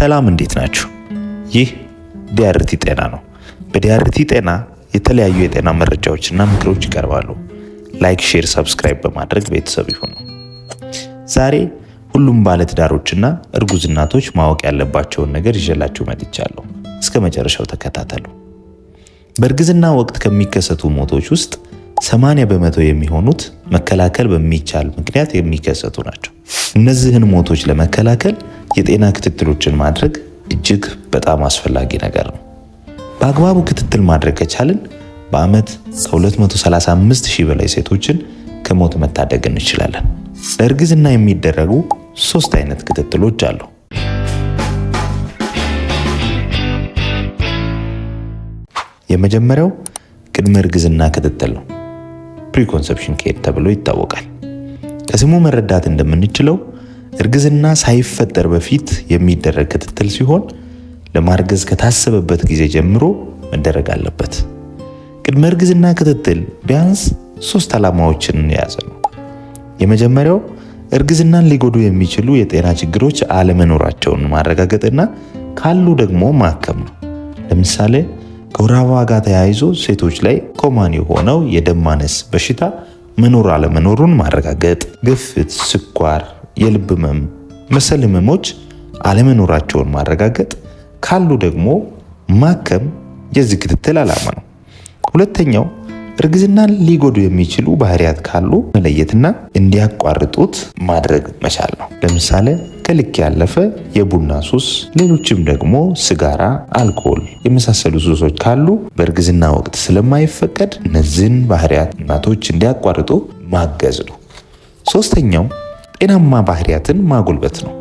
ሰላም እንዴት ናችሁ? ይህ ዲያርቲ ጤና ነው። በዲያርቲ ጤና የተለያዩ የጤና መረጃዎችና ምክሮች ይቀርባሉ። ላይክ፣ ሼር፣ ሰብስክራይብ በማድረግ ቤተሰብ ይሁኑ። ዛሬ ሁሉም ባለትዳሮችና እርጉዝ እናቶች ማወቅ ያለባቸውን ነገር ይዤላችሁ መጥቻለሁ። እስከ መጨረሻው ተከታተሉ። በእርግዝና ወቅት ከሚከሰቱ ሞቶች ውስጥ 80 በመቶ የሚሆኑት መከላከል በሚቻል ምክንያት የሚከሰቱ ናቸው። እነዚህን ሞቶች ለመከላከል የጤና ክትትሎችን ማድረግ እጅግ በጣም አስፈላጊ ነገር ነው። በአግባቡ ክትትል ማድረግ ከቻልን በዓመት ከ235 ሺህ በላይ ሴቶችን ከሞት መታደግ እንችላለን። ለእርግዝና የሚደረጉ ሶስት አይነት ክትትሎች አሉ። የመጀመሪያው ቅድመ እርግዝና ክትትል ነው። ፕሪኮንሰፕሽን ኬር ተብሎ ይታወቃል። ከስሙ መረዳት እንደምንችለው እርግዝና ሳይፈጠር በፊት የሚደረግ ክትትል ሲሆን ለማርገዝ ከታሰበበት ጊዜ ጀምሮ መደረግ አለበት። ቅድመ እርግዝና ክትትል ቢያንስ ሶስት ዓላማዎችን የያዘ ነው። የመጀመሪያው እርግዝናን ሊጎዱ የሚችሉ የጤና ችግሮች አለመኖራቸውን ማረጋገጥና ካሉ ደግሞ ማከም ነው። ለምሳሌ ከወር አበባ ጋር ተያይዞ ሴቶች ላይ ኮማን የሆነው የደም ማነስ በሽታ መኖር አለመኖሩን ማረጋገጥ፣ ግፊት፣ ስኳር የልብ ህመም መሰል ህመሞች አለመኖራቸውን ማረጋገጥ፣ ካሉ ደግሞ ማከም የዚህ ክትትል ዓላማ ነው። ሁለተኛው እርግዝናን ሊጎዱ የሚችሉ ባህሪያት ካሉ መለየትና እንዲያቋርጡት ማድረግ መቻል ነው። ለምሳሌ ከልክ ያለፈ የቡና ሱስ፣ ሌሎችም ደግሞ ስጋራ፣ አልኮል የመሳሰሉ ሱሶች ካሉ በእርግዝና ወቅት ስለማይፈቀድ እነዚህን ባህሪያት እናቶች እንዲያቋርጡ ማገዝ ነው። ሶስተኛው ጤናማ ባህሪያትን ማጎልበት ነው።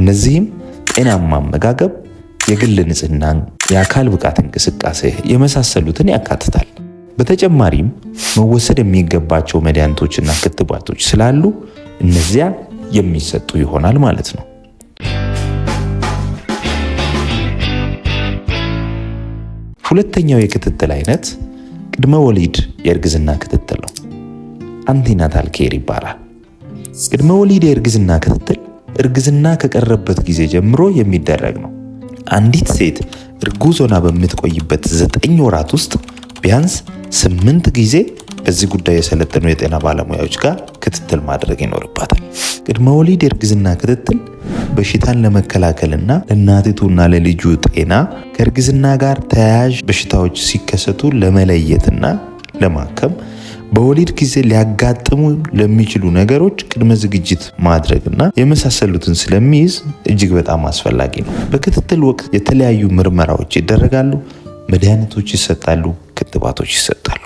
እነዚህም ጤናማ አመጋገብ፣ የግል ንጽህናን፣ የአካል ብቃት እንቅስቃሴ የመሳሰሉትን ያካትታል። በተጨማሪም መወሰድ የሚገባቸው መድኃኒቶችና ክትባቶች ስላሉ እነዚያ የሚሰጡ ይሆናል ማለት ነው። ሁለተኛው የክትትል አይነት ቅድመ ወሊድ የእርግዝና ክትትል ነው። አንቲናታል ኬር ይባላል። ቅድመ ወሊድ የእርግዝና ክትትል እርግዝና ከቀረበት ጊዜ ጀምሮ የሚደረግ ነው። አንዲት ሴት እርጉዝ ሆና በምትቆይበት ዘጠኝ ወራት ውስጥ ቢያንስ ስምንት ጊዜ በዚህ ጉዳይ የሰለጠኑ የጤና ባለሙያዎች ጋር ክትትል ማድረግ ይኖርባታል። ቅድመ ወሊድ የእርግዝና ክትትል በሽታን ለመከላከልና ለእናቲቱና ለልጁ ጤና ከእርግዝና ጋር ተያያዥ በሽታዎች ሲከሰቱ ለመለየትና ለማከም በወሊድ ጊዜ ሊያጋጥሙ ለሚችሉ ነገሮች ቅድመ ዝግጅት ማድረግ እና የመሳሰሉትን ስለሚይዝ እጅግ በጣም አስፈላጊ ነው። በክትትል ወቅት የተለያዩ ምርመራዎች ይደረጋሉ፣ መድኃኒቶች ይሰጣሉ፣ ክትባቶች ይሰጣሉ።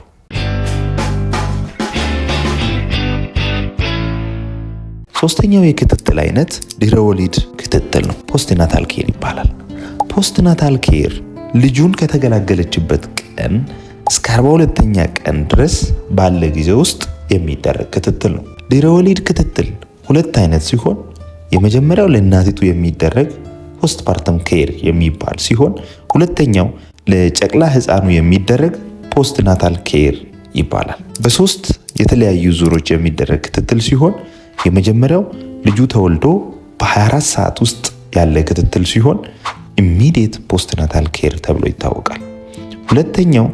ሶስተኛው የክትትል አይነት ድህረ ወሊድ ክትትል ነው። ፖስትናታል ኬር ይባላል። ፖስትናታል ኬር ልጁን ከተገላገለችበት ቀን እስከ 42ኛ ቀን ድረስ ባለ ጊዜ ውስጥ የሚደረግ ክትትል ነው። ድህረ ወሊድ ክትትል ሁለት አይነት ሲሆን የመጀመሪያው ለእናቲቱ የሚደረግ ፖስት ፓርተም ኬር የሚባል ሲሆን ሁለተኛው ለጨቅላ ህፃኑ የሚደረግ ፖስት ናታል ኬር ይባላል። በሶስት የተለያዩ ዙሮች የሚደረግ ክትትል ሲሆን የመጀመሪያው ልጁ ተወልዶ በ24 ሰዓት ውስጥ ያለ ክትትል ሲሆን ኢሚዲየት ፖስት ናታል ኬር ተብሎ ይታወቃል። ሁለተኛው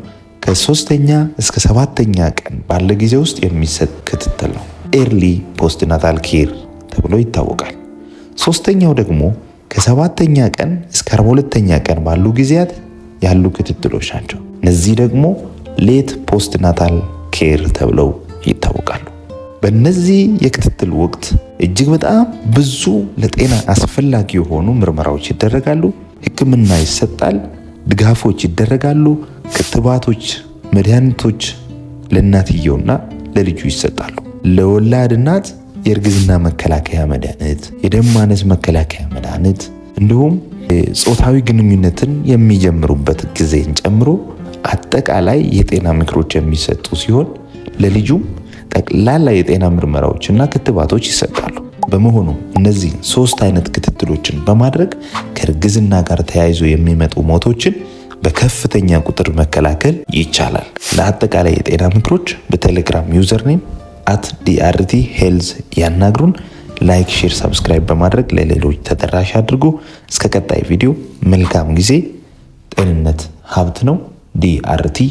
ከሶስተኛ እስከ ሰባተኛ ቀን ባለ ጊዜ ውስጥ የሚሰጥ ክትትል ነው። ኤርሊ ፖስት ናታል ኬር ተብሎ ይታወቃል። ሶስተኛው ደግሞ ከሰባተኛ ቀን እስከ 42 ቀን ባሉ ጊዜያት ያሉ ክትትሎች ናቸው። እነዚህ ደግሞ ሌት ፖስት ናታል ኬር ተብለው ይታወቃሉ። በእነዚህ የክትትል ወቅት እጅግ በጣም ብዙ ለጤና አስፈላጊ የሆኑ ምርመራዎች ይደረጋሉ፣ ሕክምና ይሰጣል፣ ድጋፎች ይደረጋሉ ክትባቶች፣ መድኃኒቶች ለእናትየውና ለልጁ ይሰጣሉ። ለወላድ እናት የእርግዝና መከላከያ መድኃኒት፣ የደም ማነስ መከላከያ መድኃኒት እንዲሁም ጾታዊ ግንኙነትን የሚጀምሩበት ጊዜን ጨምሮ አጠቃላይ የጤና ምክሮች የሚሰጡ ሲሆን ለልጁም ጠቅላላ የጤና ምርመራዎችና ክትባቶች ይሰጣሉ። በመሆኑ እነዚህ ሶስት አይነት ክትትሎችን በማድረግ ከእርግዝና ጋር ተያይዞ የሚመጡ ሞቶችን በከፍተኛ ቁጥር መከላከል ይቻላል። ለአጠቃላይ የጤና ምክሮች በቴሌግራም ዩዘር አት ዲአርቲ ሄልዝ ያናግሩን። ላይክ፣ ሼር፣ ሰብስክራይብ በማድረግ ለሌሎች ተደራሽ አድርጉ። እስከ ቀጣይ ቪዲዮ መልካም ጊዜ። ጤንነት ሀብት ነው። ዲአርቲ